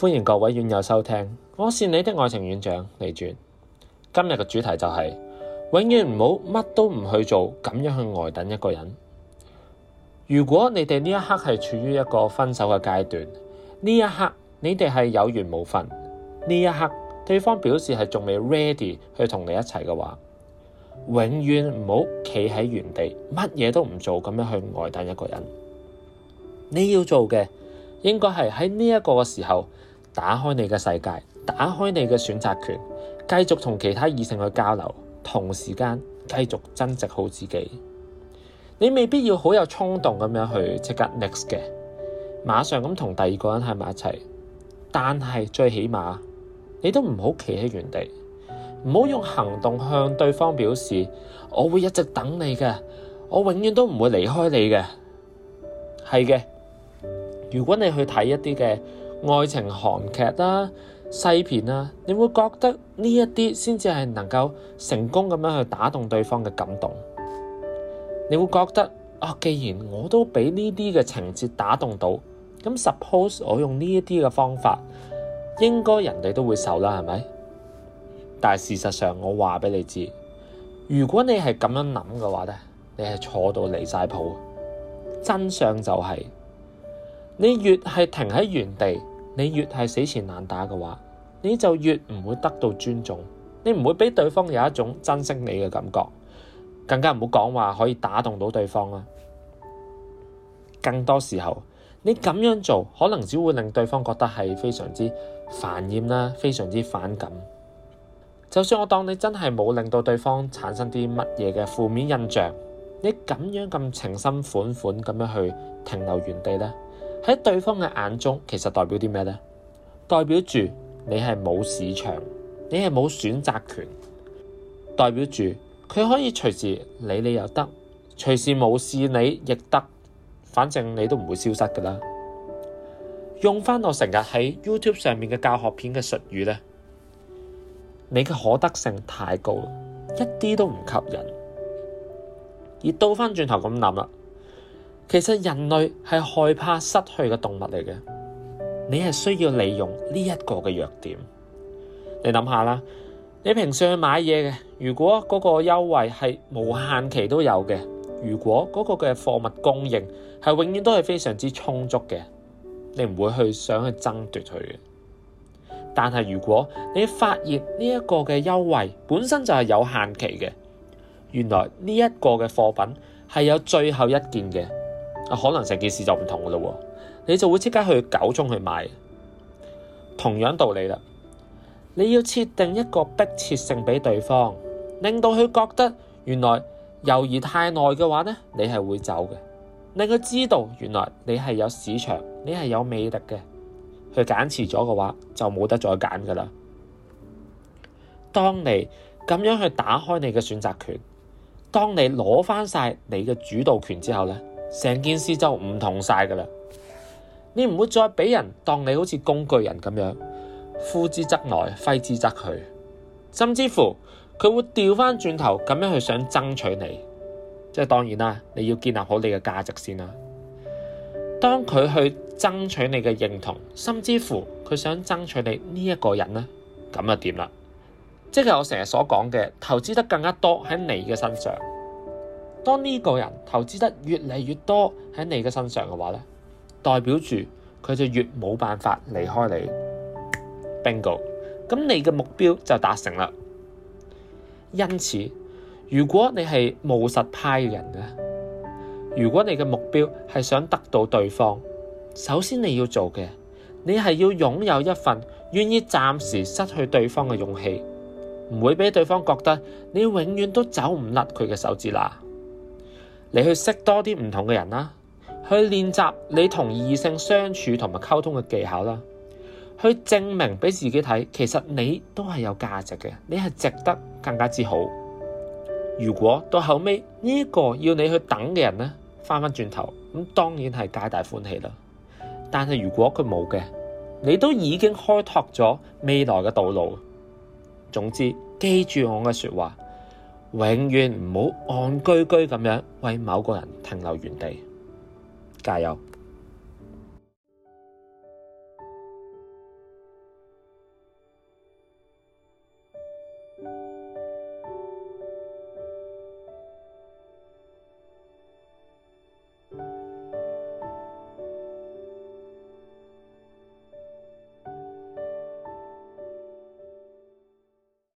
歡迎各位網友收聽，我是你的愛情院長李專。今日嘅主題就係、是、永遠唔好乜都唔去做，咁樣去呆等一個人。如果你哋呢一刻係處於一個分手嘅階段，呢一刻你哋係有緣無份，呢一刻對方表示係仲未 ready 去同你一齊嘅話，永遠唔好企喺原地，乜嘢都唔做，咁樣去呆等一個人。你要做嘅應該係喺呢一個嘅時候。打開你嘅世界，打開你嘅選擇權，繼續同其他異性去交流，同時間繼續增值好自己。你未必要好有衝動咁樣去即刻 next 嘅，馬上咁同第二個人喺埋一齊。但係最起碼，你都唔好企喺原地，唔好用行動向對方表示我會一直等你嘅，我永遠都唔會離開你嘅。係嘅，如果你去睇一啲嘅。愛情韓劇啦、細片啦，啊，你會覺得呢一啲先至係能夠成功咁樣去打動對方嘅感動。你會覺得啊，哦，既然我都俾呢啲嘅情節打動到，咁 suppose 我用呢一啲嘅方法，應該人哋都會受啦，係咪？但係事實上，我話俾你知，如果你係咁樣諗嘅話咧，你係坐到離晒譜。真相就係、是、你越係停喺原地。你越係死纏爛打嘅話，你就越唔會得到尊重，你唔會俾對方有一種珍惜你嘅感覺，更加唔好講話可以打動到對方啦。更多時候，你咁樣做，可能只會令對方覺得係非常之煩厭啦，非常之反感。就算我當你真係冇令到對方產生啲乜嘢嘅負面印象，你咁樣咁情深款款咁樣去停留原地呢？喺對方嘅眼中，其實代表啲咩咧？代表住你係冇市場，你係冇選擇權，代表住佢可以隨時理你又得，隨時無視你亦得，反正你都唔會消失噶啦。用翻我成日喺 YouTube 上面嘅教學片嘅術語咧，你嘅可得性太高，一啲都唔吸引。而倒翻轉頭咁諗啦。其實人類係害怕失去嘅動物嚟嘅，你係需要利用呢一個嘅弱點。你諗下啦，你平時去買嘢嘅，如果嗰個優惠係無限期都有嘅，如果嗰個嘅貨物供應係永遠都係非常之充足嘅，你唔會去想去爭奪佢嘅。但係如果你發現呢一個嘅優惠本身就係有限期嘅，原來呢一個嘅貨品係有最後一件嘅。可能成件事就唔同噶啦，你就會即刻去九中去買，同樣道理啦。你要設定一個迫切性俾對方，令到佢覺得原來猶豫太耐嘅話呢，你係會走嘅，令佢知道原來你係有市場，你係有魅力嘅。佢揀遲咗嘅話就冇得再揀噶啦。當你咁樣去打開你嘅選擇權，當你攞翻晒你嘅主導權之後呢，成件事就唔同晒噶啦！你唔會再俾人當你好似工具人咁樣，呼之則來，揮之則去，甚至乎佢會調翻轉頭咁樣去想爭取你。即係當然啦，你要建立好你嘅價值先啦。當佢去爭取你嘅認同，甚至乎佢想爭取你呢一個人呢，咁又點啦？即係我成日所講嘅，投資得更加多喺你嘅身上。當呢個人投資得越嚟越多喺你嘅身上嘅話咧，代表住佢就越冇辦法離開你。Bingo，咁你嘅目標就達成啦。因此，如果你係務實派嘅人咧，如果你嘅目標係想得到對方，首先你要做嘅，你係要擁有一份願意暫時失去對方嘅勇氣，唔會俾對方覺得你永遠都走唔甩佢嘅手指啦。你去識多啲唔同嘅人啦，去練習你同異性相處同埋溝通嘅技巧啦，去證明俾自己睇，其實你都係有價值嘅，你係值得更加之好。如果到後尾呢一個要你去等嘅人呢，翻翻轉頭咁，當然係皆大歡喜啦。但係如果佢冇嘅，你都已經開拓咗未來嘅道路。總之，記住我嘅說話。永遠唔好憨居居咁樣為某個人停留原地，加油！